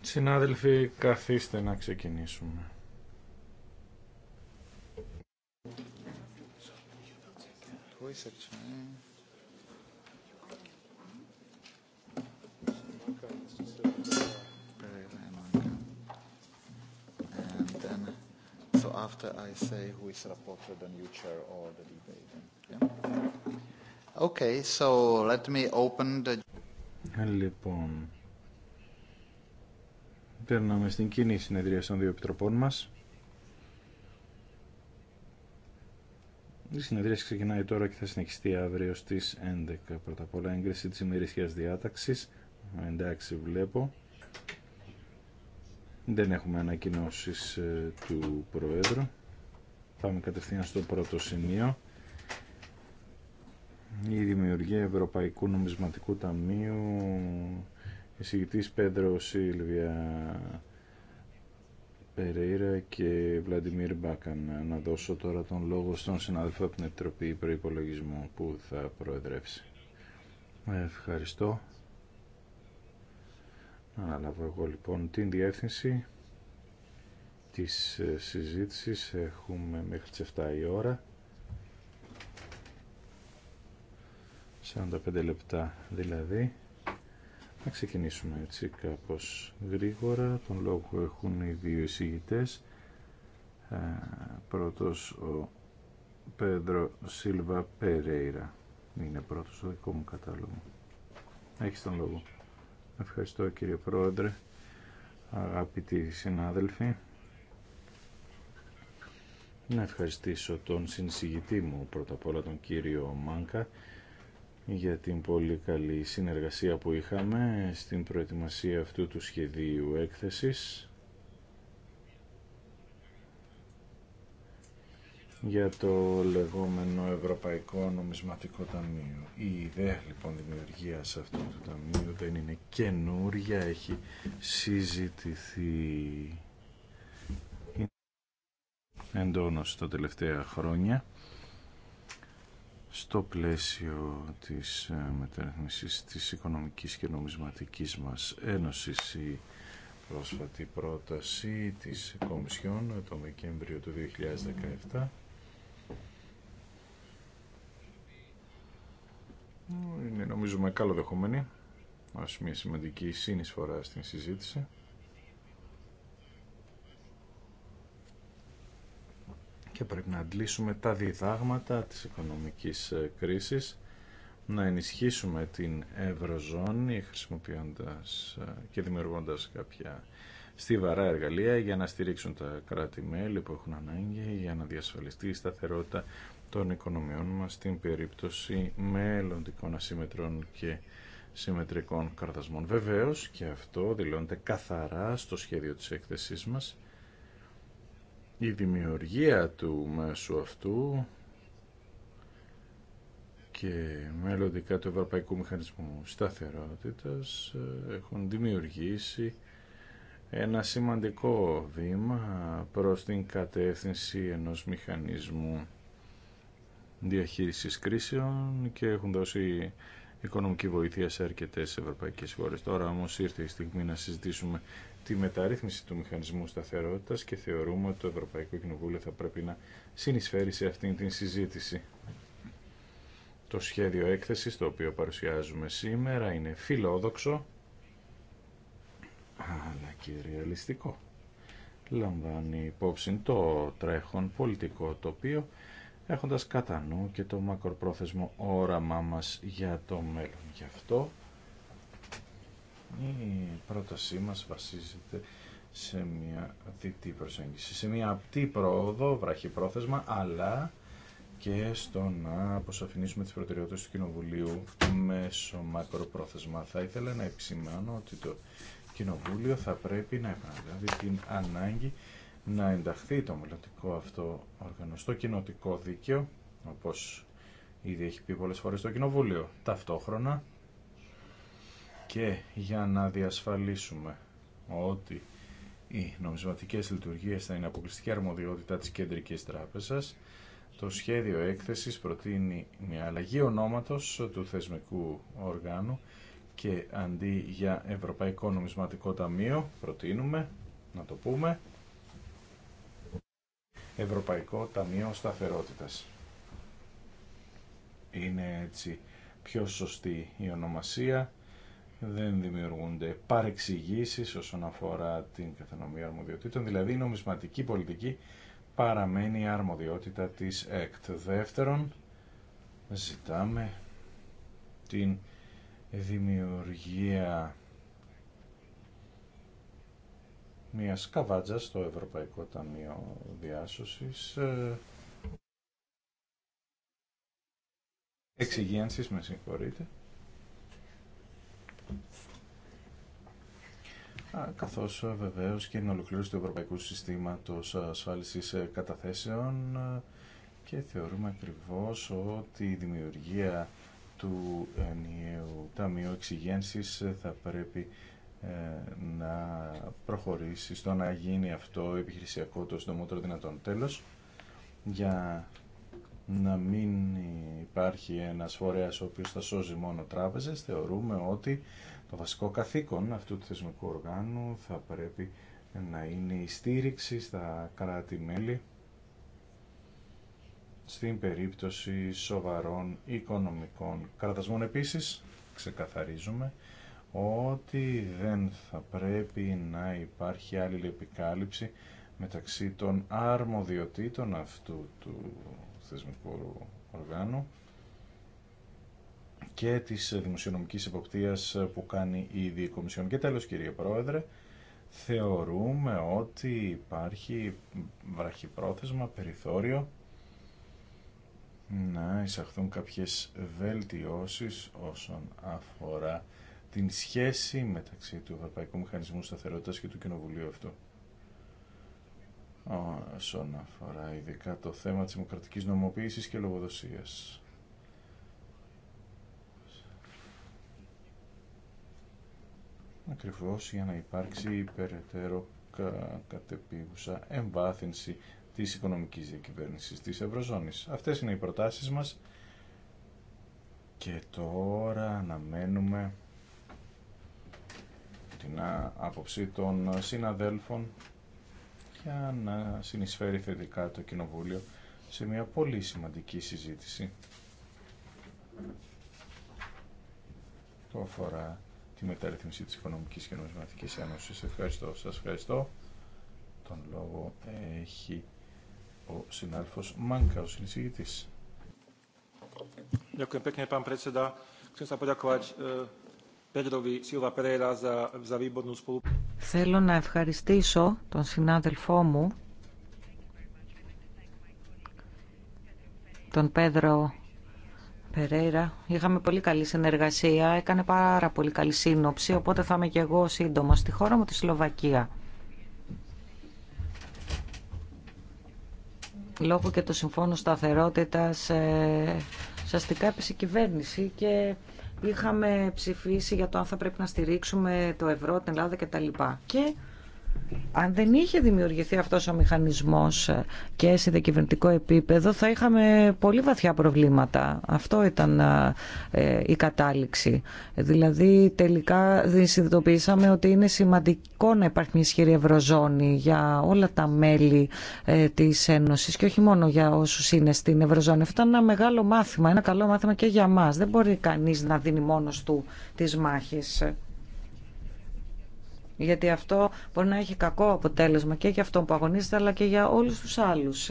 Συνάδελφοι, καθίστε να ξεκινήσουμε. after I say who is reported and you chair all the debate. Yeah? Okay, so let me open the... Λοιπόν, Περνάμε στην κοινή συνεδρία των δύο επιτροπών μας. Η συνεδρία ξεκινάει τώρα και θα συνεχιστεί αύριο στις 11. Πρώτα απ' όλα έγκριση της ημερησίας διάταξης. Εντάξει βλέπω. Δεν έχουμε ανακοινώσεις ε, του Προέδρου. Πάμε κατευθείαν στο πρώτο σημείο. Η δημιουργία Ευρωπαϊκού Νομισματικού Ταμείου Εισηγητή Πέντρο Σίλβια Περέιρα και Βλαντιμίρ Μπάκαν. Να δώσω τώρα τον λόγο στον συνάδελφο από την Επιτροπή Προπολογισμού που θα προεδρεύσει. Ευχαριστώ. Αναλάβω εγώ λοιπόν την διεύθυνση της ε, συζήτησης. Έχουμε μέχρι τις 7 η ώρα. 45 λεπτά δηλαδή. Να ξεκινήσουμε έτσι κάπως γρήγορα. Τον λόγο έχουν οι δύο εισηγητές. Ε, πρώτος ο Πέντρο Σίλβα Περέιρα. Είναι πρώτος ο δικό μου κατάλογο. Έχεις τον λόγο. Ευχαριστώ κύριε Πρόεδρε, αγαπητοί συνάδελφοι. Να ευχαριστήσω τον συνσηγητή μου πρώτα απ' όλα τον κύριο Μάνκα για την πολύ καλή συνεργασία που είχαμε στην προετοιμασία αυτού του σχεδίου έκθεσης για το λεγόμενο Ευρωπαϊκό Νομισματικό Ταμείο. Η ιδέα λοιπόν δημιουργίας αυτού του ταμείου δεν είναι καινούρια, έχει συζητηθεί εντόνως τα τελευταία χρόνια στο πλαίσιο της ε, μεταρρύθμισης της οικονομικής και νομισματικής μας ένωσης η πρόσφατη πρόταση της Κομισιόν ε, το Μεκέμβριο του 2017 ε, είναι νομίζουμε καλοδεχόμενη ως μια σημαντική συνεισφορά στην συζήτηση και πρέπει να αντλήσουμε τα διδάγματα της οικονομικής ε, κρίσης να ενισχύσουμε την Ευρωζώνη χρησιμοποιώντας ε, και δημιουργώντας κάποια στιβαρά εργαλεία για να στηρίξουν τα κράτη-μέλη που έχουν ανάγκη για να διασφαλιστεί η σταθερότητα των οικονομιών μας στην περίπτωση μελλοντικών ασύμετρων και συμμετρικών καρδασμών. Βεβαίως και αυτό δηλώνεται καθαρά στο σχέδιο της έκθεσής μας η δημιουργία του μέσου αυτού και μελλοντικά του Ευρωπαϊκού Μηχανισμού Σταθερότητας ε, έχουν δημιουργήσει ένα σημαντικό βήμα προς την κατεύθυνση ενός μηχανισμού διαχείρισης κρίσεων και έχουν δώσει οικονομική βοήθεια σε αρκετές ευρωπαϊκές χώρες. Τώρα όμως ήρθε η στιγμή να συζητήσουμε τη μεταρρύθμιση του μηχανισμού σταθερότητα και θεωρούμε ότι το Ευρωπαϊκό Κοινοβούλιο θα πρέπει να συνεισφέρει σε αυτήν την συζήτηση. Το σχέδιο έκθεσης το οποίο παρουσιάζουμε σήμερα είναι φιλόδοξο αλλά και ρεαλιστικό. Λαμβάνει υπόψη το τρέχον πολιτικό τοπίο έχοντας κατά νου και το μακροπρόθεσμο όραμά μας για το μέλλον. Γι' αυτό η πρότασή μας βασίζεται σε μια απτή προσέγγιση, σε μια απτή πρόοδο, πρόθεσμα, αλλά και στο να αποσαφηνίσουμε τις προτεραιότητες του Κοινοβουλίου μέσω μακροπρόθεσμα. Θα ήθελα να επισημάνω ότι το Κοινοβούλιο θα πρέπει να επαναλάβει την ανάγκη να ενταχθεί το μελλοντικό αυτό όργανο στο κοινοτικό δίκαιο, όπως ήδη έχει πει πολλές φορές το Κοινοβούλιο. Ταυτόχρονα και για να διασφαλίσουμε ότι οι νομισματικές λειτουργίες θα είναι αποκλειστική αρμοδιότητα της Κεντρικής Τράπεζας, το σχέδιο έκθεσης προτείνει μια αλλαγή ονόματος του θεσμικού οργάνου και αντί για Ευρωπαϊκό Νομισματικό Ταμείο προτείνουμε, να το πούμε, Ευρωπαϊκό Ταμείο Σταθερότητας. Είναι έτσι πιο σωστή η ονομασία δεν δημιουργούνται παρεξηγήσεις όσον αφορά την καθανομία αρμοδιοτήτων, δηλαδή η νομισματική πολιτική παραμένει αρμοδιότητα της ΕΚΤ. Δεύτερον, ζητάμε την δημιουργία μια καβάτζα στο Ευρωπαϊκό Ταμείο Διάσωσης ε, εξυγίανσης, με συγχωρείτε καθώς ε, βεβαίως και την ολοκλήρωση του Ευρωπαϊκού Συστήματος Ασφάλισης ε, Καταθέσεων ε, και θεωρούμε ακριβώς ότι η δημιουργία του ενιαίου Ταμείου Εξυγένσης θα πρέπει να προχωρήσει στο να γίνει αυτό επιχειρησιακό το συντομότερο δυνατόν. Τέλος, για να μην υπάρχει ένας φορέας ο οποίος θα σώζει μόνο τράπεζες, θεωρούμε ότι το βασικό καθήκον αυτού του θεσμικού οργάνου θα πρέπει να είναι η στήριξη στα κράτη-μέλη στην περίπτωση σοβαρών οικονομικών κρατασμών. Επίσης, ξεκαθαρίζουμε ότι δεν θα πρέπει να υπάρχει άλλη επικάλυψη μεταξύ των αρμοδιοτήτων αυτού του θεσμικού οργάνου και της δημοσιονομικής εποπτείας που κάνει ίδια η Κομισιόν. Και τέλος κύριε Πρόεδρε, θεωρούμε ότι υπάρχει βραχυπρόθεσμα περιθώριο να εισαχθούν κάποιες βελτιώσεις όσον αφορά την σχέση μεταξύ του Ευρωπαϊκού Μηχανισμού Σταθερότητας και του Κοινοβουλίου αυτού όσον αφορά ειδικά το θέμα της δημοκρατικής νομοποίησης και λογοδοσίας. Ακριβώς για να υπάρξει υπεραιτέρω κα, κατεπίγουσα εμβάθυνση της οικονομικής διακυβέρνησης της Ευρωζώνης. Αυτές είναι οι προτάσεις μας και τώρα αναμένουμε την άποψη των συναδέλφων για να συνεισφέρει θετικά το Κοινοβούλιο σε μια πολύ σημαντική συζήτηση που αφορά τη μεταρρύθμιση της Οικονομικής και Νομισματικής Ένωσης. Ευχαριστώ. Σας ευχαριστώ. Τον λόγο έχει ο συνάδελφος Μάνκα, ο συνεισηγητής. Ευχαριστώ, pekne, pán predseda. Chcem sa poďakovať ε, Pedrovi Θέλω να ευχαριστήσω τον συνάδελφό μου, τον Πέδρο Περέιρα. Είχαμε πολύ καλή συνεργασία, έκανε πάρα πολύ καλή σύνοψη, οπότε θα είμαι και εγώ σύντομα στη χώρα μου τη Σλοβακία. Λόγω και του Συμφώνου Σταθερότητας, ε, την έπεσε η κυβέρνηση και Είχαμε ψηφίσει για το αν θα πρέπει να στηρίξουμε το ευρώ, την Ελλάδα κτλ. Και αν δεν είχε δημιουργηθεί αυτός ο μηχανισμός και σε διακυβερνητικό επίπεδο θα είχαμε πολύ βαθιά προβλήματα. Αυτό ήταν ε, η κατάληξη. Δηλαδή τελικά συνειδητοποιήσαμε ότι είναι σημαντικό να υπάρχει μια ισχυρή ευρωζώνη για όλα τα μέλη ε, της Ένωσης και όχι μόνο για όσους είναι στην ευρωζώνη. Αυτό ήταν ένα μεγάλο μάθημα, ένα καλό μάθημα και για μας. Δεν μπορεί κανείς να δίνει μόνος του τις μάχες γιατί αυτό μπορεί να έχει κακό αποτέλεσμα και για αυτόν που αγωνίζεται αλλά και για όλους τους άλλους.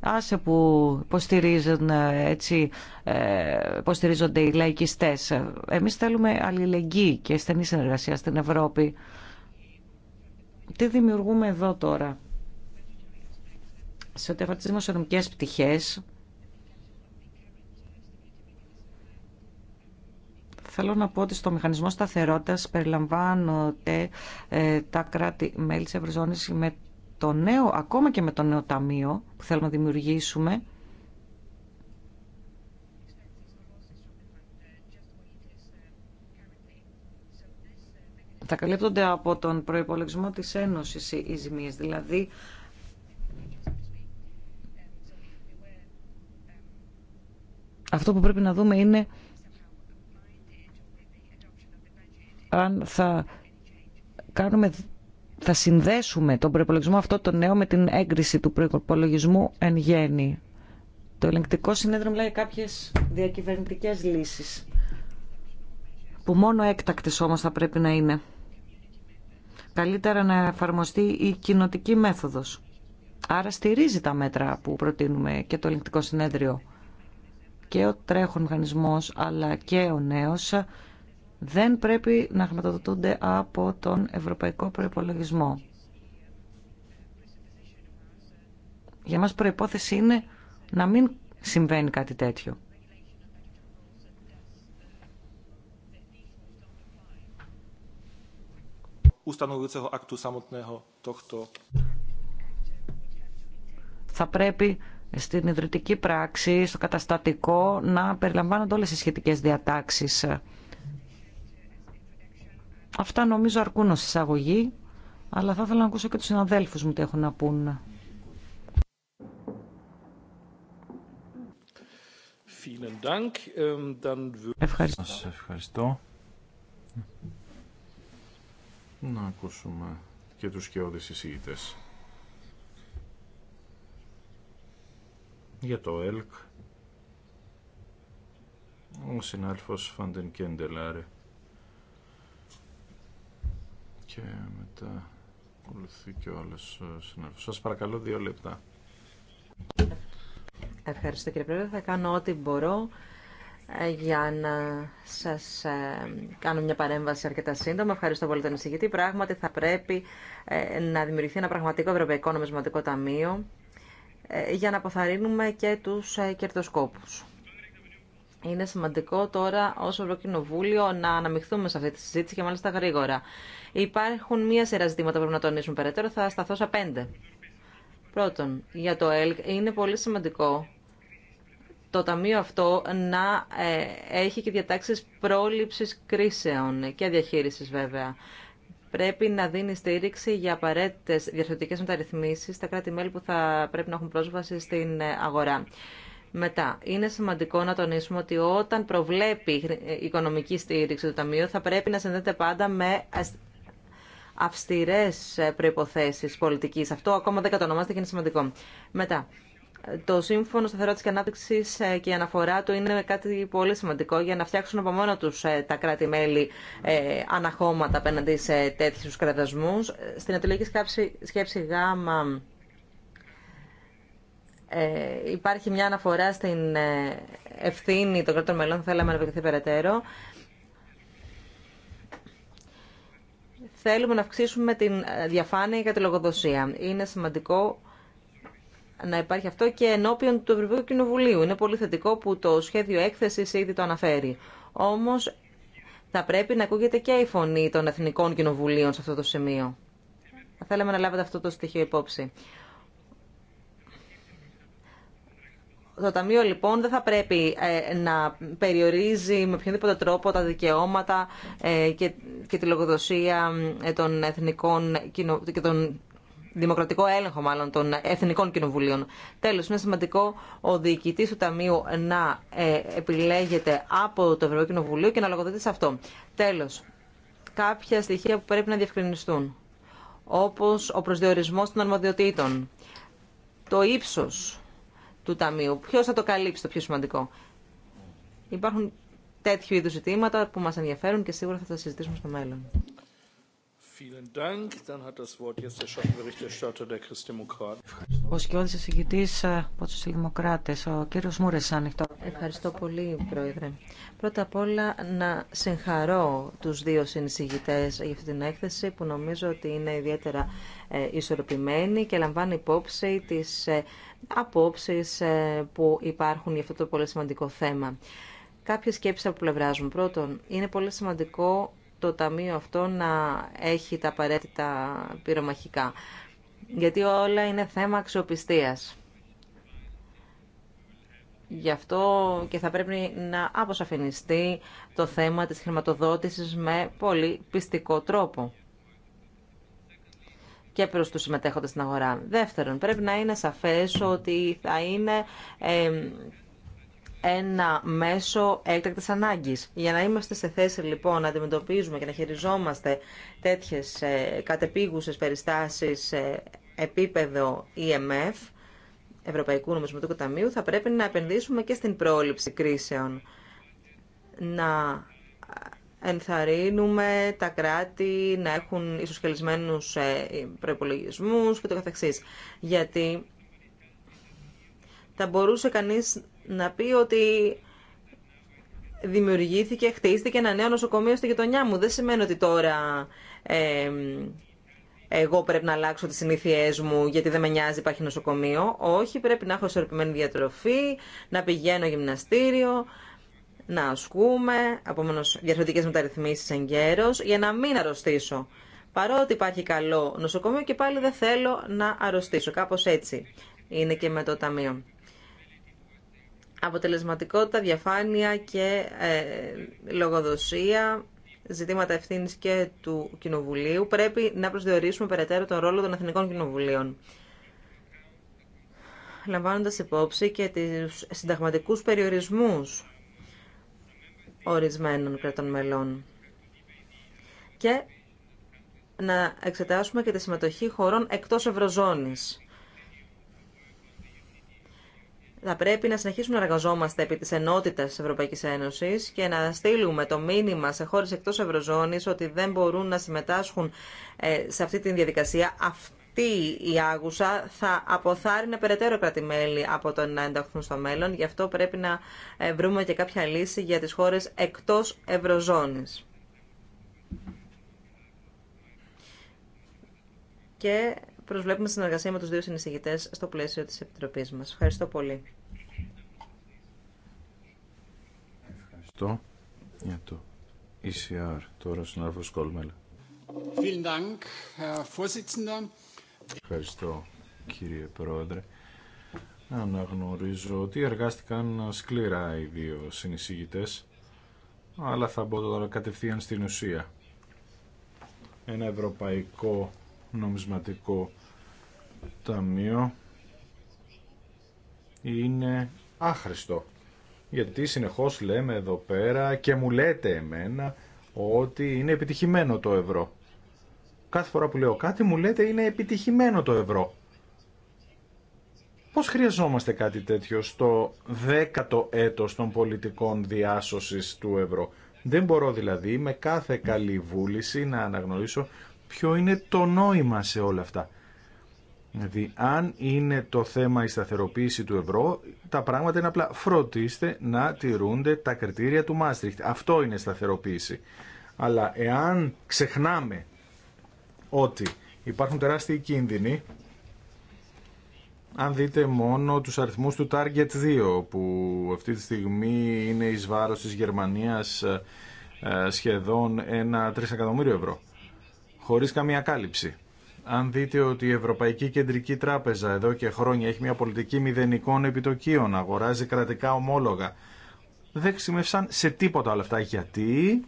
Άσε που υποστηρίζουν, ε, έτσι, ε, υποστηρίζονται οι λαϊκιστές. Εμείς θέλουμε αλληλεγγύη και στενή συνεργασία στην Ευρώπη. Τι δημιουργούμε εδώ τώρα. Σε ό,τι αφορά τις δημοσιονομικές πτυχές, Θέλω να πω ότι στο μηχανισμό σταθερότητας περιλαμβάνονται ε, τα κράτη-μέλη τη Ευρωζώνη με το νέο, ακόμα και με το νέο ταμείο που θέλουμε να δημιουργήσουμε, θα καλύπτονται από τον προϋπολογισμό της Ένωσης οι ζημίες. Δηλαδή, αυτό που πρέπει να δούμε είναι αν θα κάνουμε θα συνδέσουμε τον προπολογισμό αυτό το νέο με την έγκριση του προπολογισμού εν γέννη. Το ελεγκτικό συνέδριο μιλάει για κάποιες διακυβερνητικές λύσεις που μόνο έκτακτες όμως θα πρέπει να είναι. Καλύτερα να εφαρμοστεί η κοινοτική μέθοδος. Άρα στηρίζει τα μέτρα που προτείνουμε και το ελεγκτικό συνέδριο. Και ο τρέχον μηχανισμό, αλλά και ο νέο δεν πρέπει να χρηματοδοτούνται από τον Ευρωπαϊκό Προϋπολογισμό. Για μας προϋπόθεση είναι να μην συμβαίνει κάτι τέτοιο. Θα πρέπει στην ιδρυτική πράξη, στο καταστατικό, να περιλαμβάνονται όλες οι σχετικές διατάξεις Αυτά νομίζω αρκούν ως εισαγωγή, αλλά θα ήθελα να ακούσω και τους συναδέλφους μου τι έχουν να πούν. Ähm, ευχαριστώ. ευχαριστώ. Να ακούσουμε και τους σκιώδεις εισηγητές. Για το ΕΛΚ, ο συνάλφος Φαντεν Κέντελάρε και μετά ακολουθεί και ο άλλος ε, συνάδελφος. Σας παρακαλώ δύο λεπτά. Ευχαριστώ κύριε Πρόεδρε. Θα κάνω ό,τι μπορώ ε, για να σας ε, κάνω μια παρέμβαση αρκετά σύντομα. Ευχαριστώ πολύ τον εισηγητή. Πράγματι θα πρέπει να δημιουργηθεί ένα πραγματικό Ευρωπαϊκό Νομισματικό Ταμείο για να αποθαρρύνουμε και τους κερδοσκόπους. Είναι σημαντικό τώρα ω Ευρωκοινοβούλιο να αναμειχθούμε σε αυτή τη συζήτηση και μάλιστα γρήγορα. Υπάρχουν μία σειρά ζητήματα που πρέπει να τονίσουμε περαιτέρω. Θα σταθώ σε πέντε. Πρώτον, για το ΕΛΚ είναι πολύ σημαντικό το Ταμείο αυτό να ε, έχει και διατάξεις πρόληψης κρίσεων και διαχείρισης βέβαια. Πρέπει να δίνει στήριξη για απαραίτητε διαρθρωτικές μεταρρυθμίσεις στα κράτη-μέλη που θα πρέπει να έχουν πρόσβαση στην ε, αγορά. Μετά, είναι σημαντικό να τονίσουμε ότι όταν προβλέπει η ε, οικονομική στήριξη του Ταμείου θα πρέπει να συνδέεται πάντα με αυστηρέ ε, προϋποθέσεις πολιτική. Αυτό ακόμα δεν κατονομάζεται και είναι σημαντικό. Μετά, το Σύμφωνο Σταθερότητα και Ανάπτυξη ε, και η αναφορά του είναι κάτι πολύ σημαντικό για να φτιάξουν από μόνο του τα κράτη-μέλη αναχώματα απέναντι σε τέτοιου κρατασμού. Στην ατολική σκέψη, σκέψη ε, υπάρχει μια αναφορά στην ε, ευθύνη των κρατών μελών, θέλαμε να βοηθηθεί περαιτέρω. Θέλουμε να αυξήσουμε την ε, διαφάνεια για τη λογοδοσία. Είναι σημαντικό να υπάρχει αυτό και ενώπιον του Ευρωπαϊκού Κοινοβουλίου. Είναι πολύ θετικό που το σχέδιο έκθεσης ήδη το αναφέρει. Όμως θα πρέπει να ακούγεται και η φωνή των Εθνικών Κοινοβουλίων σε αυτό το σημείο. Θα θέλαμε να λάβετε αυτό το στοιχείο υπόψη. Το Ταμείο λοιπόν δεν θα πρέπει ε, να περιορίζει με οποιονδήποτε τρόπο τα δικαιώματα ε, και τη λογοδοσία ε, των εθνικών και τον δημοκρατικό έλεγχο μάλλον των εθνικών κοινοβουλίων. Τέλος, είναι σημαντικό ο διοικητή του Ταμείου να επιλέγεται από το Ευρωπαϊκό Κοινοβουλίο και να λογοδοτεί σε αυτό. Τέλος, κάποια στοιχεία που πρέπει να διευκρινιστούν, όπως ο προσδιορισμός των αρμοδιοτήτων, το ύψο του Ταμείου. Ποιο θα το καλύψει το πιο σημαντικό. Υπάρχουν τέτοιου είδου ζητήματα που μα ενδιαφέρουν και σίγουρα θα τα συζητήσουμε στο μέλλον. Ο σκιώδης εισηγητής ε, από τους Δημοκράτες, ο κύριος Μούρες, ανοιχτό. Ευχαριστώ πολύ, Πρόεδρε. Πρώτα απ' όλα να συγχαρώ τους δύο συνεισηγητές για αυτή την έκθεση που νομίζω ότι είναι ιδιαίτερα ε, ισορροπημένη και λαμβάνει υπόψη τις ε, απόψεις που υπάρχουν για αυτό το πολύ σημαντικό θέμα. Κάποιες σκέψεις από πλευράς μου. Πρώτον, είναι πολύ σημαντικό το Ταμείο αυτό να έχει τα απαραίτητα πυρομαχικά. Γιατί όλα είναι θέμα αξιοπιστίας. Γι' αυτό και θα πρέπει να αποσαφινιστεί το θέμα της χρηματοδότησης με πολύ πιστικό τρόπο και προς τους συμμετέχοντες στην αγορά. Δεύτερον, πρέπει να είναι σαφές ότι θα είναι ένα μέσο έκτακτη ανάγκης. Για να είμαστε σε θέση λοιπόν να αντιμετωπίζουμε και να χειριζόμαστε τέτοιες ε, κατεπίγουσες περιστάσεις επίπεδο EMF, Ευρωπαϊκού Νομισματικού Ταμείου, θα πρέπει να επενδύσουμε και στην πρόληψη κρίσεων. Να ενθαρρύνουμε τα κράτη να έχουν ισοσκελισμένους ε, προπολογισμού και το καθεξής. Γιατί θα μπορούσε κανείς να πει ότι δημιουργήθηκε, χτίστηκε ένα νέο νοσοκομείο στη γειτονιά μου. Δεν σημαίνει ότι τώρα ε, εγώ πρέπει να αλλάξω τις συνήθειές μου γιατί δεν με νοιάζει υπάρχει νοσοκομείο. Όχι, πρέπει να έχω ισορροπημένη διατροφή, να πηγαίνω γυμναστήριο, να ασκούμε, απομένως διαφορετικέ μεταρρυθμίσεις εν γέρος, για να μην αρρωστήσω. Παρότι υπάρχει καλό νοσοκομείο και πάλι δεν θέλω να αρρωστήσω. Κάπως έτσι είναι και με το ταμείο αποτελεσματικότητα, διαφάνεια και ε, λογοδοσία, ζητήματα ευθύνης και του Κοινοβουλίου, πρέπει να προσδιορίσουμε περαιτέρω τον ρόλο των Εθνικών Κοινοβουλίων. Λαμβάνοντας υπόψη και τους συνταγματικούς περιορισμούς ορισμένων κρατών μελών. Και να εξετάσουμε και τη συμμετοχή χωρών εκτός Ευρωζώνης θα πρέπει να συνεχίσουμε να εργαζόμαστε επί της ενότητας της Ευρωπαϊκής Ένωσης και να στείλουμε το μήνυμα σε χώρες εκτός Ευρωζώνης ότι δεν μπορούν να συμμετάσχουν ε, σε αυτή τη διαδικασία. Αυτή η άγουσα θα αποθάρρυνε περαιτέρω κρατημέλη από το να ενταχθούν στο μέλλον. Γι' αυτό πρέπει να ε, βρούμε και κάποια λύση για τις χώρες εκτός Ευρωζώνης. Και προσβλέπουμε συνεργασία με τους δύο συνεισηγητές στο πλαίσιο της Επιτροπής μας. Ευχαριστώ πολύ. Ευχαριστώ για το ECR, τώρα συνάδελφος Κόλμελ. Ευχαριστώ κύριε Πρόεδρε. Αναγνωρίζω ότι εργάστηκαν σκληρά οι δύο συνεισηγητές, αλλά θα μπω τώρα κατευθείαν στην ουσία. Ένα ευρωπαϊκό νομισματικό ταμείο είναι άχρηστο. Γιατί συνεχώς λέμε εδώ πέρα και μου λέτε εμένα ότι είναι επιτυχημένο το ευρώ. Κάθε φορά που λέω κάτι μου λέτε είναι επιτυχημένο το ευρώ. Πώς χρειαζόμαστε κάτι τέτοιο στο δέκατο έτος των πολιτικών διάσωσης του ευρώ. Δεν μπορώ δηλαδή με κάθε καλή βούληση να αναγνωρίσω ποιο είναι το νόημα σε όλα αυτά. Δηλαδή, αν είναι το θέμα η σταθεροποίηση του ευρώ, τα πράγματα είναι απλά φροντίστε να τηρούνται τα κριτήρια του Μάστριχτ. Αυτό είναι σταθεροποίηση. Αλλά εάν ξεχνάμε ότι υπάρχουν τεράστιοι κίνδυνοι, αν δείτε μόνο τους αριθμούς του Target 2, που αυτή τη στιγμή είναι εις βάρος της Γερμανίας ε, ε, σχεδόν ένα τρισεκατομμύριο ευρώ, χωρίς καμία κάλυψη αν δείτε ότι η Ευρωπαϊκή Κεντρική Τράπεζα εδώ και χρόνια έχει μια πολιτική μηδενικών επιτοκίων, αγοράζει κρατικά ομόλογα, δεν ξημεύσαν σε τίποτα όλα αυτά. Γιατί,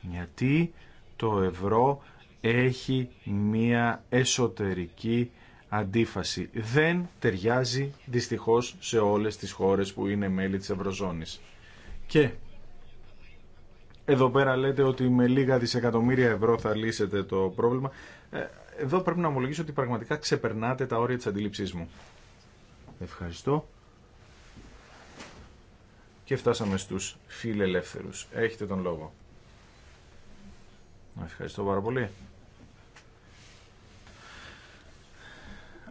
γιατί το ευρώ έχει μια εσωτερική αντίφαση. Δεν ταιριάζει δυστυχώς σε όλες τις χώρες που είναι μέλη της Ευρωζώνης. Και εδώ πέρα λέτε ότι με λίγα δισεκατομμύρια ευρώ θα λύσετε το πρόβλημα. Ε, εδώ πρέπει να ομολογήσω ότι πραγματικά ξεπερνάτε τα όρια της αντίληψής μου. Ευχαριστώ. Και φτάσαμε στους φιλελεύθερους. Έχετε τον λόγο. Ευχαριστώ πάρα πολύ.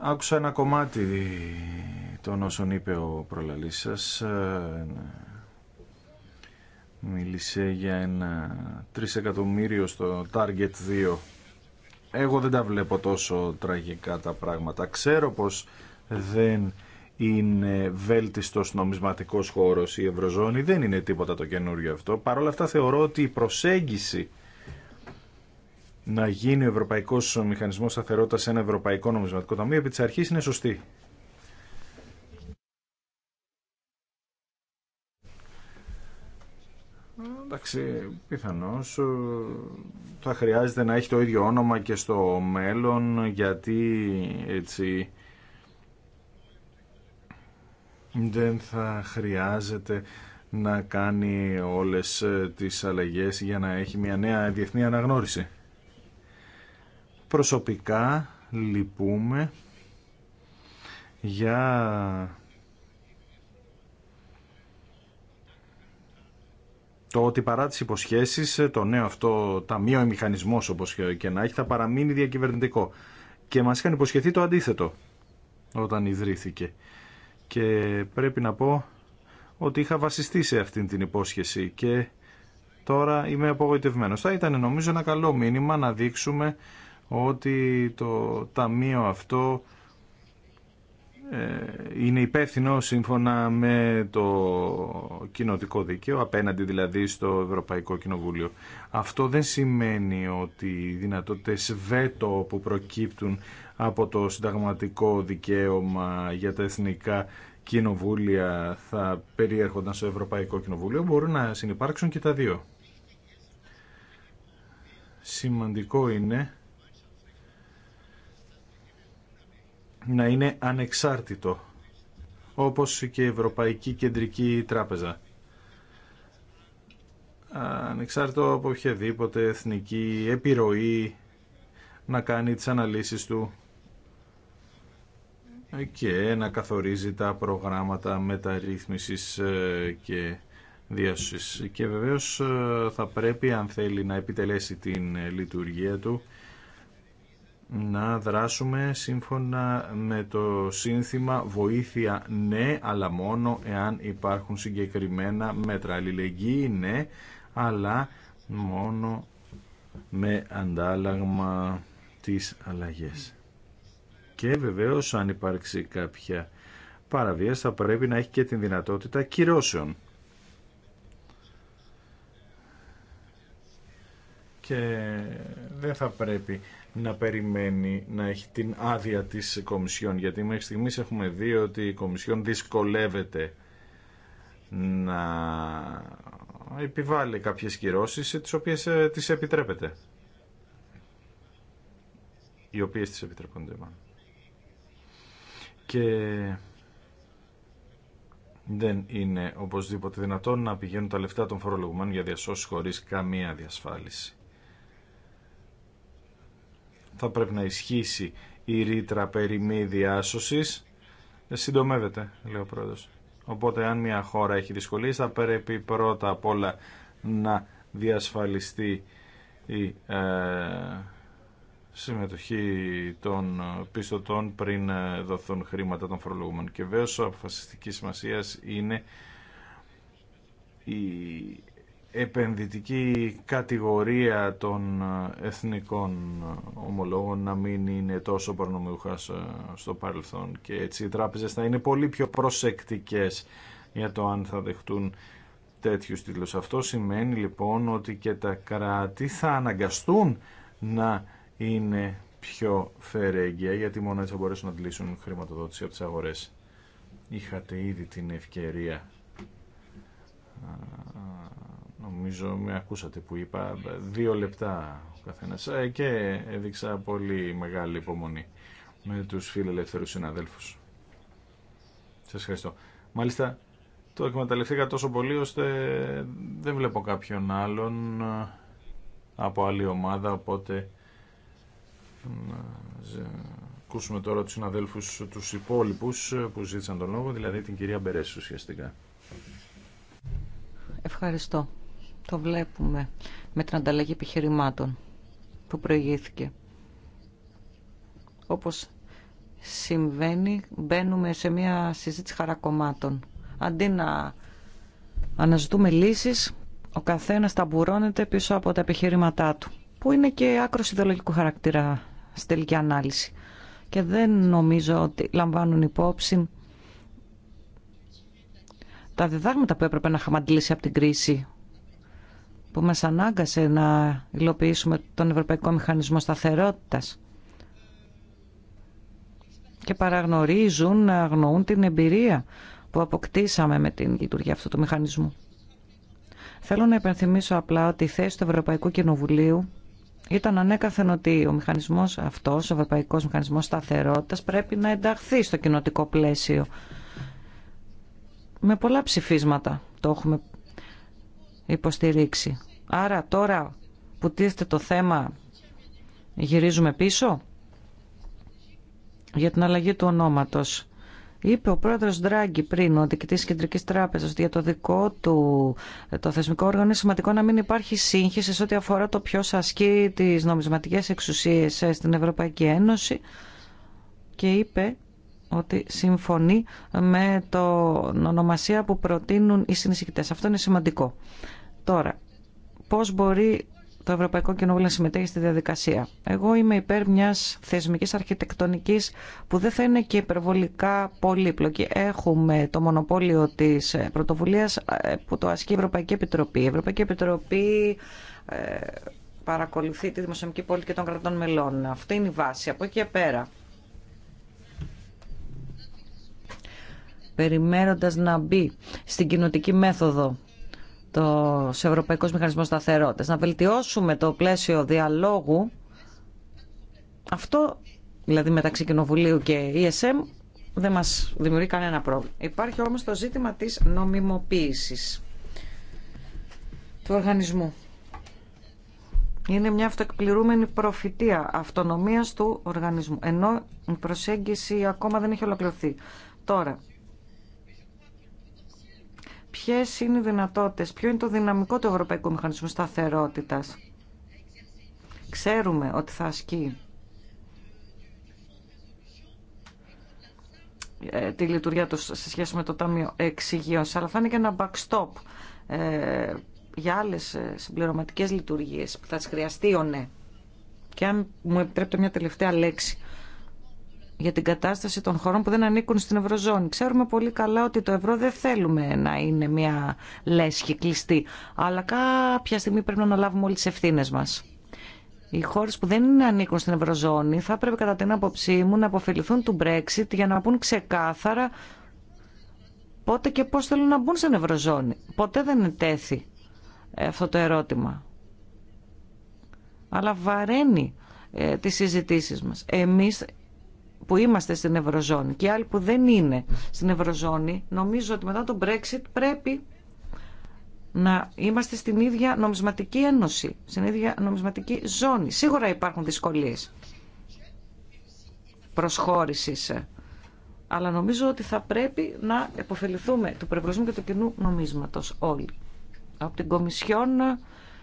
Άκουσα ένα κομμάτι των όσων είπε ο προλαλής σας. Μίλησε για ένα τρισεκατομμύριο στο Target 2 εγώ δεν τα βλέπω τόσο τραγικά τα πράγματα. Ξέρω πως δεν είναι βέλτιστος νομισματικός χώρος η Ευρωζώνη, δεν είναι τίποτα το καινούριο αυτό. Παρ' όλα αυτά θεωρώ ότι η προσέγγιση να γίνει ο Ευρωπαϊκός Μηχανισμός Σταθερότητας σε ένα Ευρωπαϊκό Νομισματικό Ταμείο επί της αρχής είναι σωστή. Εντάξει, πιθανώ. Ε, θα χρειάζεται να έχει το ίδιο όνομα και στο μέλλον γιατί έτσι δεν θα χρειάζεται να κάνει όλες ε, τις αλλαγές για να έχει μια νέα διεθνή αναγνώριση. Προσωπικά λυπούμε για το ότι παρά τις υποσχέσεις ε, το νέο αυτό ταμείο ή μηχανισμό, όπως και να έχει θα παραμείνει διακυβερνητικό. Και μας είχαν υποσχεθεί το αντίθετο όταν ιδρύθηκε. Και πρέπει να πω ότι είχα βασιστεί σε αυτήν την υπόσχεση και τώρα είμαι απογοητευμένο. Θα ήταν νομίζω ένα καλό μήνυμα να δείξουμε ότι το ταμείο αυτό ε, είναι υπεύθυνο σύμφωνα με το κοινοτικό δίκαιο, απέναντι δηλαδή στο Ευρωπαϊκό Κοινοβούλιο. Αυτό δεν σημαίνει ότι οι δυνατότητες βέτο που προκύπτουν από το συνταγματικό δικαίωμα για τα εθνικά κοινοβούλια θα περιέρχονταν στο Ευρωπαϊκό Κοινοβούλιο, μπορούν να συνεπάρξουν και τα δύο. Σημαντικό είναι να είναι ανεξάρτητο, όπως και η Ευρωπαϊκή Κεντρική Τράπεζα. Ανεξάρτητο από οποιαδήποτε εθνική επιρροή να κάνει τις αναλύσεις του και να καθορίζει τα προγράμματα μεταρρύθμισης ε, και διάσωσης. Και βεβαίως ε, θα πρέπει, αν θέλει να επιτελέσει την ε, λειτουργία του, να δράσουμε σύμφωνα με το σύνθημα βοήθεια ναι, αλλά μόνο εάν υπάρχουν συγκεκριμένα μέτρα. Αλληλεγγύη ναι, αλλά μόνο με αντάλλαγμα τις αλλαγές. Και βεβαίως αν υπάρξει κάποια παραβία θα πρέπει να έχει και την δυνατότητα κυρώσεων. Και δεν θα πρέπει να περιμένει να έχει την άδεια της Κομισιόν γιατί μέχρι στιγμής έχουμε δει ότι η Κομισιόν δυσκολεύεται να επιβάλλει κάποιες κυρώσεις τις οποίες ε, τις επιτρέπεται οι οποίες τις επιτρέπονται και δεν είναι οπωσδήποτε δυνατόν να πηγαίνουν τα λεφτά των φορολογουμένων για διασώσεις χωρίς καμία διασφάλιση θα πρέπει να ισχύσει η ρήτρα περί μη διάσωσης. Συντομεύεται, λέει ο πρόεδρος. Οπότε αν μια χώρα έχει δυσκολίες θα πρέπει πρώτα απ' όλα να διασφαλιστεί η ε, συμμετοχή των πιστωτών πριν ε, δοθούν χρήματα των φορολογούμενων. Και βέβαια αποφασιστική σημασία είναι η επενδυτική κατηγορία των εθνικών ομολόγων να μην είναι τόσο προνομιούχα ε, στο παρελθόν και έτσι οι τράπεζες θα είναι πολύ πιο προσεκτικές για το αν θα δεχτούν τέτοιου τίτλους. Αυτό σημαίνει λοιπόν ότι και τα κράτη θα αναγκαστούν να είναι πιο φερέγγια γιατί μόνο έτσι θα μπορέσουν να αντλήσουν χρηματοδότηση από τις αγορές. Είχατε ήδη την ευκαιρία Νομίζω με ακούσατε που είπα δύο λεπτά ο καθένας ε, και έδειξα πολύ μεγάλη υπομονή με τους φιλελεύθερους συναδέλφους. Σας ευχαριστώ. Μάλιστα το εκμεταλλευτήκα τόσο πολύ ώστε δεν βλέπω κάποιον άλλον ε, από άλλη ομάδα οπότε ε, ακούσουμε τώρα τους συναδέλφους τους υπόλοιπους που ζήτησαν τον λόγο δηλαδή την κυρία Μπερέσου ουσιαστικά. Ευχαριστώ. Το βλέπουμε με την ανταλλαγή επιχειρημάτων που προηγήθηκε. Όπως συμβαίνει, μπαίνουμε σε μια συζήτηση χαρακομμάτων. Αντί να αναζητούμε λύσεις, ο καθένας ταμπουρώνεται πίσω από τα επιχειρήματά του, που είναι και άκρος ιδεολογικού χαρακτήρα στη τελική ανάλυση. Και δεν νομίζω ότι λαμβάνουν υπόψη τα διδάγματα που έπρεπε να είχαμε αντλήσει από την κρίση που μας ανάγκασε να υλοποιήσουμε τον Ευρωπαϊκό Μηχανισμό Σταθερότητας και παραγνωρίζουν, αγνοούν την εμπειρία που αποκτήσαμε με την λειτουργία αυτού του μηχανισμού. Θέλω να υπενθυμίσω απλά ότι η θέση του Ευρωπαϊκού Κοινοβουλίου ήταν ανέκαθεν ότι ο μηχανισμός αυτός, ο Ευρωπαϊκός Μηχανισμός Σταθερότητας, πρέπει να ενταχθεί στο κοινοτικό πλαίσιο. Με πολλά ψηφίσματα το έχουμε υποστηρίξει. Άρα τώρα που τίθεται το θέμα γυρίζουμε πίσω για την αλλαγή του ονόματος. Είπε ο πρόεδρος Ντράγκη πριν, ο διοικητής Κεντρικής Τράπεζας, ότι για το δικό του το θεσμικό όργανο είναι σημαντικό να μην υπάρχει σύγχυση σε ό,τι αφορά το ποιος ασκεί τις νομισματικές εξουσίες στην Ευρωπαϊκή Ένωση και είπε ότι συμφωνεί με το ονομασία που προτείνουν οι συνεισηγητές. Αυτό είναι σημαντικό. Τώρα, πώ μπορεί το Ευρωπαϊκό Κοινοβούλιο να συμμετέχει στη διαδικασία. Εγώ είμαι υπέρ μια θεσμική αρχιτεκτονική που δεν θα είναι και υπερβολικά πολύπλοκη. Έχουμε το μονοπόλιο τη πρωτοβουλία ε, που το ασκεί η Ευρωπαϊκή Επιτροπή. Η Ευρωπαϊκή Επιτροπή ε, παρακολουθεί τη δημοσιονομική πολιτική των κρατών μελών. Αυτή είναι η βάση. Από εκεί και πέρα. Περιμένοντας να μπει στην κοινοτική μέθοδο το, ευρωπαϊκό Μηχανισμό σταθερότητα. να βελτιώσουμε το πλαίσιο διαλόγου, αυτό δηλαδή μεταξύ Κοινοβουλίου και ESM δεν μας δημιουργεί κανένα πρόβλημα. Υπάρχει όμως το ζήτημα της νομιμοποίησης του οργανισμού. Είναι μια αυτοεκπληρούμενη προφητεία αυτονομίας του οργανισμού, ενώ η προσέγγιση ακόμα δεν έχει ολοκληρωθεί. Τώρα, Ποιε είναι οι δυνατότητε, ποιο είναι το δυναμικό του Ευρωπαϊκού Μηχανισμού Σταθερότητας. Ξέρουμε ότι θα ασκεί ε, τη λειτουργία του σε σχέση με το Ταμείο Εξυγείωσης, αλλά θα είναι και ένα backstop ε, για άλλες ε, συμπληρωματικές λειτουργίες που θα τις χρειαστεί ο ναι. Και αν μου επιτρέπετε μια τελευταία λέξη για την κατάσταση των χωρών που δεν ανήκουν στην Ευρωζώνη. Ξέρουμε πολύ καλά ότι το ευρώ δεν θέλουμε να είναι μια λέσχη κλειστή, αλλά κάποια στιγμή πρέπει να αναλάβουμε όλε τι ευθύνε μας. Οι χώρε που δεν ανήκουν στην Ευρωζώνη θα πρέπει κατά την άποψή μου να αποφεληθούν του Brexit για να πούν ξεκάθαρα πότε και πώς θέλουν να μπουν στην Ευρωζώνη. Ποτέ δεν τέθη αυτό το ερώτημα. Αλλά βαραίνει ε, τις συζητήσεις μας. Εμείς που είμαστε στην Ευρωζώνη και άλλοι που δεν είναι στην Ευρωζώνη, νομίζω ότι μετά τον Brexit πρέπει να είμαστε στην ίδια νομισματική ένωση, στην ίδια νομισματική ζώνη. Σίγουρα υπάρχουν δυσκολίες προσχώρησης, αλλά νομίζω ότι θα πρέπει να επωφεληθούμε του προευλογισμού και του κοινού νομίσματος όλοι. Από την Κομισιόν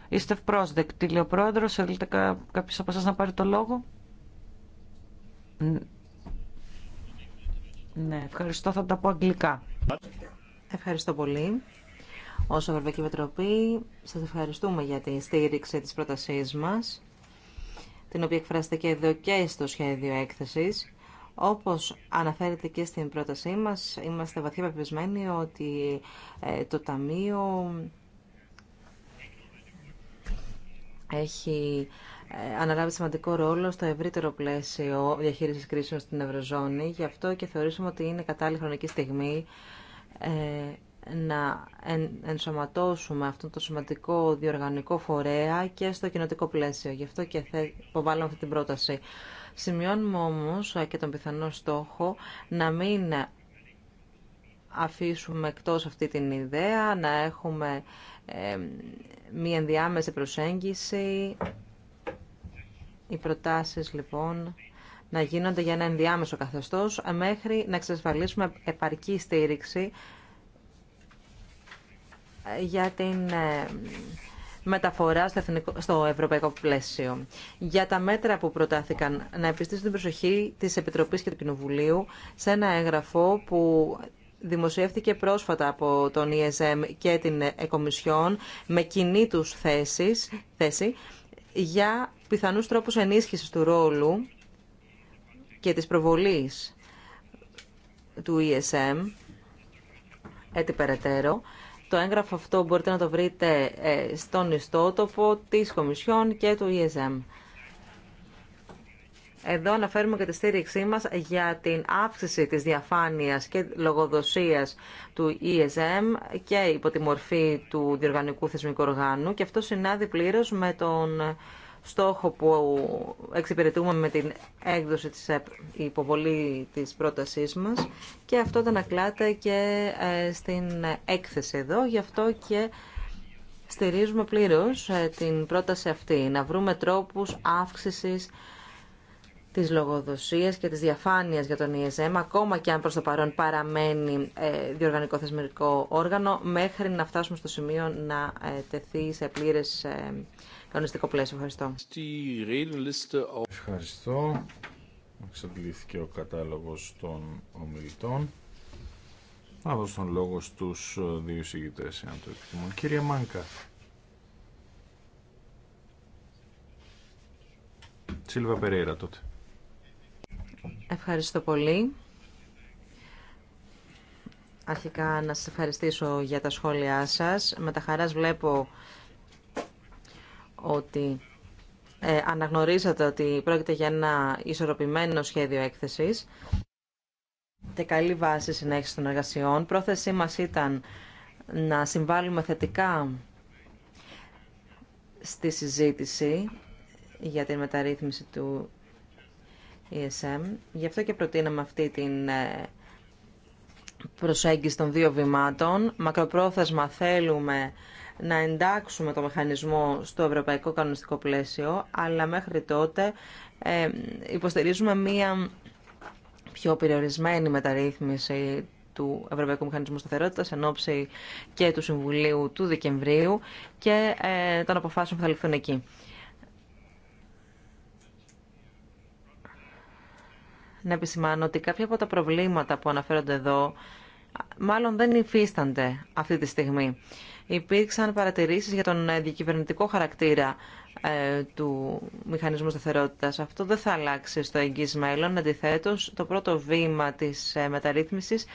είστε ευπρόσδεκτοι, λέει ο Πρόεδρος, θέλετε κάποιος από εσάς να πάρει το λόγο. Ναι, ευχαριστώ. Θα τα πω αγγλικά. Ευχαριστώ πολύ. Όσο Ευρωπαϊκή Επιτροπή, σας ευχαριστούμε για τη στήριξη της πρότασής μας, την οποία εκφράστηκε εδώ και στο σχέδιο έκθεσης. Όπως αναφέρεται και στην πρότασή μας, είμαστε βαθιά πεπισμένοι ότι ε, το Ταμείο έχει ε, αναλάβει σημαντικό ρόλο στο ευρύτερο πλαίσιο διαχείρισης κρίσεων στην Ευρωζώνη. Γι' αυτό και θεωρήσαμε ότι είναι κατάλληλη χρονική στιγμή ε, να ενσωματώσουμε αυτό το σημαντικό διοργανικό φορέα και στο κοινοτικό πλαίσιο. Γι' αυτό και υποβάλλουμε αυτή την πρόταση. Σημειώνουμε όμως ε, και τον πιθανό στόχο να μην αφήσουμε εκτός αυτή την ιδέα, να έχουμε μία ενδιάμεση προσέγγιση οι προτάσεις λοιπόν να γίνονται για ένα ενδιάμεσο καθεστώς μέχρι να εξασφαλίσουμε επαρκή στήριξη ε, για την ε, μεταφορά στο, ευρωπαϊκό πλαίσιο. Για τα μέτρα που προτάθηκαν, να επιστήσουν την προσοχή της Επιτροπής και του Κοινοβουλίου σε ένα έγγραφο που δημοσιεύτηκε πρόσφατα από τον ESM και την Εκομισιόν με κοινή τους θέσεις, θέση για πιθανούς τρόπους ενίσχυσης του ρόλου και της προβολής του ESM έτσι Το έγγραφο αυτό μπορείτε να το βρείτε ε, στον ιστότοπο της Κομισιόν και του ESM. Εδώ αναφέρουμε και τη στήριξή μας για την αύξηση της διαφάνειας και λογοδοσίας του ESM και υπό τη μορφή του διοργανικού θεσμικού οργάνου και αυτό συνάδει πλήρως με τον στόχο που εξυπηρετούμε με την έκδοση της υποβολή της πρότασής μας και αυτό ανακλάται και ε, στην έκθεση εδώ, γι' αυτό και στηρίζουμε πλήρως ε, την πρόταση αυτή, να βρούμε τρόπους αύξησης Τη λογοδοσία και της διαφάνεια για τον ESM, ε ακόμα και αν προς το παρόν παραμένει ε, διοργανικό θεσμικό όργανο, μέχρι να φτάσουμε στο σημείο να ε, τεθεί σε πλήρες κανονιστικό πλαίσιο. Ευχαριστώ. Ευχαριστώ. Εξαντλήθηκε ο κατάλογος των ομιλητών. Να δώσω τον λόγο στου δύο συγγητές, αν το επιθυμούν. Κύριε Μάνκα. Σίλβα Περέιρα τότε. Ευχαριστώ πολύ. Αρχικά να σας ευχαριστήσω για τα σχόλιά σας. Με τα χαράς βλέπω ότι ε, αναγνωρίζατε ότι πρόκειται για ένα ισορροπημένο σχέδιο έκθεσης και καλή βάση συνέχιση των εργασιών. Πρόθεσή μας ήταν να συμβάλλουμε θετικά στη συζήτηση για την μεταρρύθμιση του ESM. Γι' αυτό και προτείναμε αυτή την ε, προσέγγιση των δύο βημάτων. Μακροπρόθεσμα θέλουμε να εντάξουμε το μηχανισμό στο ευρωπαϊκό κανονιστικό πλαίσιο, αλλά μέχρι τότε ε, υποστηρίζουμε μία πιο περιορισμένη μεταρρύθμιση του Ευρωπαϊκού Μηχανισμού Σταθερότητας εν ώψη και του Συμβουλίου του Δεκεμβρίου και ε, των αποφάσεων που θα ληφθούν εκεί. να επισημάνω ότι κάποια από τα προβλήματα που αναφέρονται εδώ μάλλον δεν υφίστανται αυτή τη στιγμή. Υπήρξαν παρατηρήσεις για τον ε, διακυβερνητικό χαρακτήρα ε, του μηχανισμού σταθερότητας. Αυτό δεν θα αλλάξει στο εγγύς μέλλον. το πρώτο βήμα της ε, μεταρρύθμισης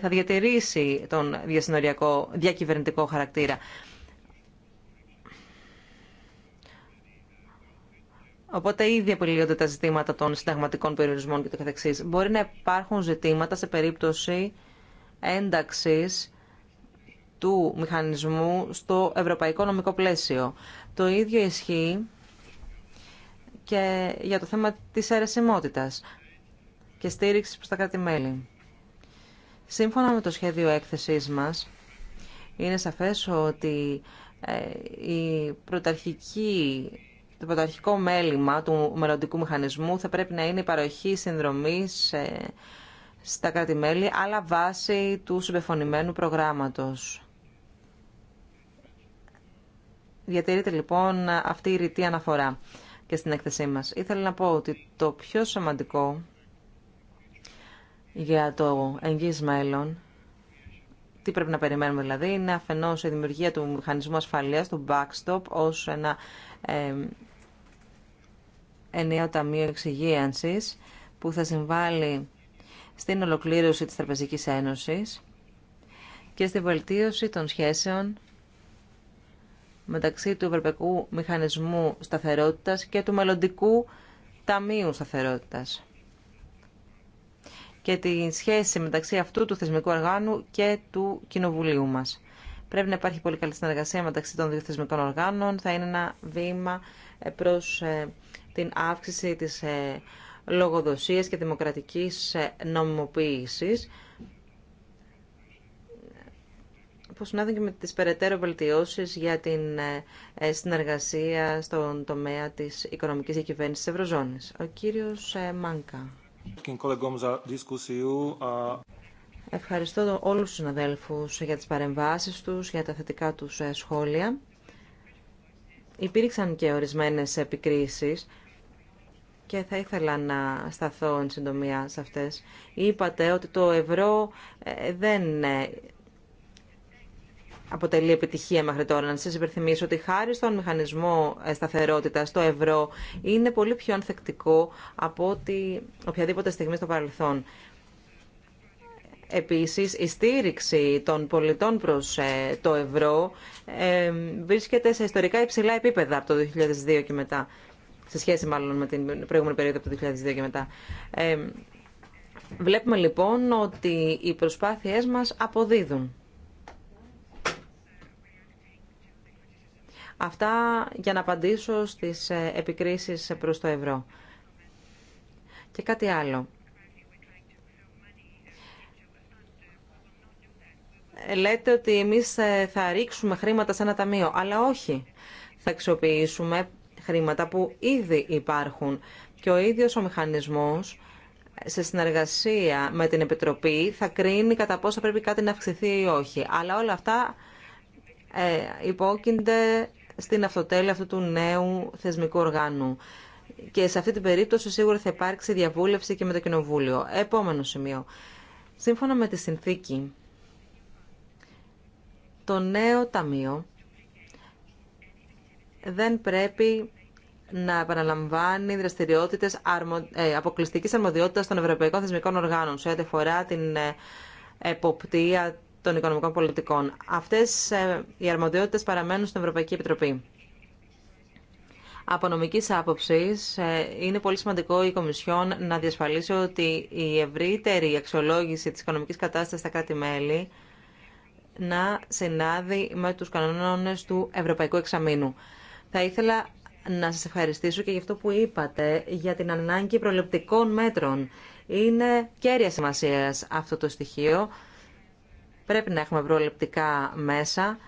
θα διατηρήσει τον διασυνοριακό διακυβερνητικό χαρακτήρα. Οπότε ήδη απολύονται τα ζητήματα των συνταγματικών περιορισμών και το καθεξής. Μπορεί να υπάρχουν ζητήματα σε περίπτωση ένταξης του μηχανισμού στο ευρωπαϊκό νομικό πλαίσιο. Το ίδιο ισχύει και για το θέμα της αιρεσιμότητας και στήριξης προς τα κράτη-μέλη. Σύμφωνα με το σχέδιο έκθεσής μας, είναι σαφές ότι ε, η πρωταρχική το πρωταρχικό μέλημα του μελλοντικού μηχανισμού θα πρέπει να είναι η παροχή συνδρομής στα κράτη-μέλη, αλλά βάσει του συμπεφωνημένου προγράμματος. Διατηρείται λοιπόν αυτή η ρητή αναφορά και στην έκθεσή μας. Ήθελα να πω ότι το πιο σημαντικό για το εγγύς μέλλον, τι πρέπει να περιμένουμε δηλαδή, είναι αφενός η δημιουργία του μηχανισμού ασφαλείας, του backstop, ως ένα ε, ενιαίο ταμείο εξυγίανσης που θα συμβάλλει στην ολοκλήρωση της Τραπεζικής Ένωσης και στη βελτίωση των σχέσεων μεταξύ του Ευρωπαϊκού Μηχανισμού Σταθερότητας και του Μελλοντικού Ταμείου Σταθερότητας και τη σχέση μεταξύ αυτού του θεσμικού οργάνου και του Κοινοβουλίου μας. Πρέπει να υπάρχει πολύ καλή συνεργασία μεταξύ των δύο οργάνων. Θα είναι ένα βήμα ε, προς ε, την αύξηση της ε, λογοδοσίας και δημοκρατικής νομιμοποίησης που συνάδουν και με τις περαιτέρω βελτιώσεις για την συνεργασία στον τομέα της οικονομικής διακυβέρνησης της Ευρωζώνης. Ο κύριος Μάνκα. Ευχαριστώ όλους τους συναδέλφους για τις παρεμβάσεις τους, για τα θετικά τους ε, σχόλια. Υπήρξαν και ορισμένες επικρίσεις και θα ήθελα να σταθώ εν συντομία σε αυτές. Είπατε ότι το ευρώ ε, δεν ε, αποτελεί επιτυχία μέχρι τώρα. Να σας υπερθυμίσω ότι χάρη στον μηχανισμό σταθερότητας, το ευρώ είναι πολύ πιο ανθεκτικό από οποιαδήποτε στιγμή στο παρελθόν. Επίσης, η στήριξη των πολιτών προς ε, το ευρώ ε, βρίσκεται σε ιστορικά υψηλά επίπεδα από το 2002 και μετά. Σε σχέση μάλλον με την προηγούμενη περίοδο από το 2002 και μετά. Ε, βλέπουμε λοιπόν ότι οι προσπάθειές μας αποδίδουν. Αυτά για να απαντήσω στις επικρίσεις προς το ευρώ. Και κάτι άλλο. λέτε ότι εμείς θα ρίξουμε χρήματα σε ένα ταμείο, αλλά όχι. Θα αξιοποιήσουμε χρήματα που ήδη υπάρχουν και ο ίδιος ο μηχανισμός σε συνεργασία με την Επιτροπή θα κρίνει κατά πόσο πρέπει κάτι να αυξηθεί ή όχι. Αλλά όλα αυτά ε, υπόκεινται στην αυτοτέλεια αυτού του νέου θεσμικού οργάνου. Και σε αυτή την περίπτωση σίγουρα θα υπάρξει διαβούλευση και με το Κοινοβούλιο. Επόμενο σημείο. Σύμφωνα με τη συνθήκη, το νέο ταμείο δεν πρέπει να επαναλαμβάνει δραστηριότητε αρμο... Ε, αποκλειστική αρμοδιότητα των ευρωπαϊκών θεσμικών οργάνων σε ό,τι αφορά την ε, εποπτεία των οικονομικών πολιτικών. Αυτέ ε, οι αρμοδιότητε παραμένουν στην Ευρωπαϊκή Επιτροπή. Από νομική άποψη, είναι πολύ σημαντικό η Κομισιόν να διασφαλίσει ότι η ευρύτερη αξιολόγηση τη οικονομική κατάσταση στα κράτη-μέλη να συνάδει με τους κανόνες του Ευρωπαϊκού Εξαμήνου. Θα ήθελα να σας ευχαριστήσω και για αυτό που είπατε για την ανάγκη προληπτικών μέτρων. Είναι κέρια σημασία αυτό το στοιχείο. Πρέπει να έχουμε προληπτικά μέσα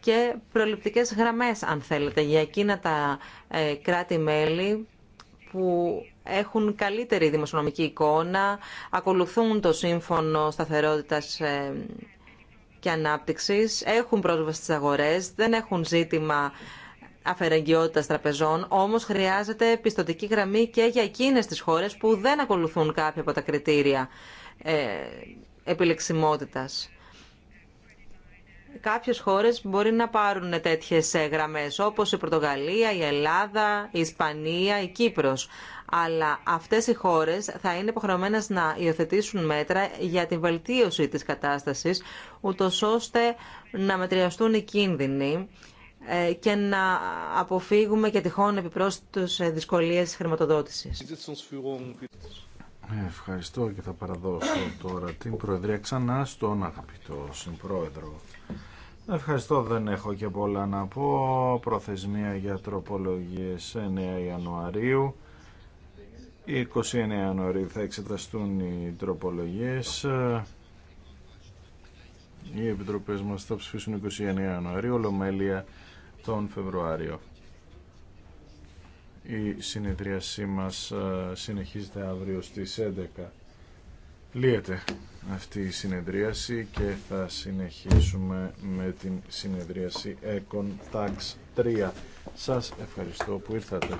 και προληπτικές γραμμές, αν θέλετε, για εκείνα τα ε, κράτη-μέλη που έχουν καλύτερη δημοσιονομική εικόνα, ακολουθούν το σύμφωνο σταθερότητας ε, και ανάπτυξης έχουν πρόσβαση στις αγορές, δεν έχουν ζήτημα αφαιρεγγιότητας τραπεζών, όμως χρειάζεται πιστοτική γραμμή και για εκείνε τι χώρες που δεν ακολουθούν κάποια από τα κριτήρια ε, επιλεξιμότητας κάποιες χώρες μπορεί να πάρουν τέτοιες ε, γραμμές, όπως η Πορτογαλία, η Ελλάδα, η Ισπανία, η Κύπρος. Αλλά αυτές οι χώρες θα είναι υποχρεωμένες να υιοθετήσουν μέτρα για την βελτίωση της κατάστασης, ούτω ώστε να μετριαστούν οι κίνδυνοι ε, και να αποφύγουμε και τυχόν επιπρόσθετους ε, δυσκολίες χρηματοδότησης. Ευχαριστώ και θα παραδώσω τώρα την Προεδρία ξανά στον αγαπητό συμπρόεδρο. Ευχαριστώ, δεν έχω και πολλά να πω. Προθεσμία για τροπολογίες 9 Ιανουαρίου. 29 Ιανουαρίου θα εξεταστούν οι τροπολογίες. Οι επιτροπές μας θα ψηφίσουν 29 Ιανουαρίου, Ολομέλεια τον Φεβρουάριο. Η συνεδρίασή μας ε, συνεχίζεται αύριο στις 11. Λύεται αυτή η συνεδρίαση και θα συνεχίσουμε με την συνεδρίαση Econ Tax 3. Σας ευχαριστώ που ήρθατε.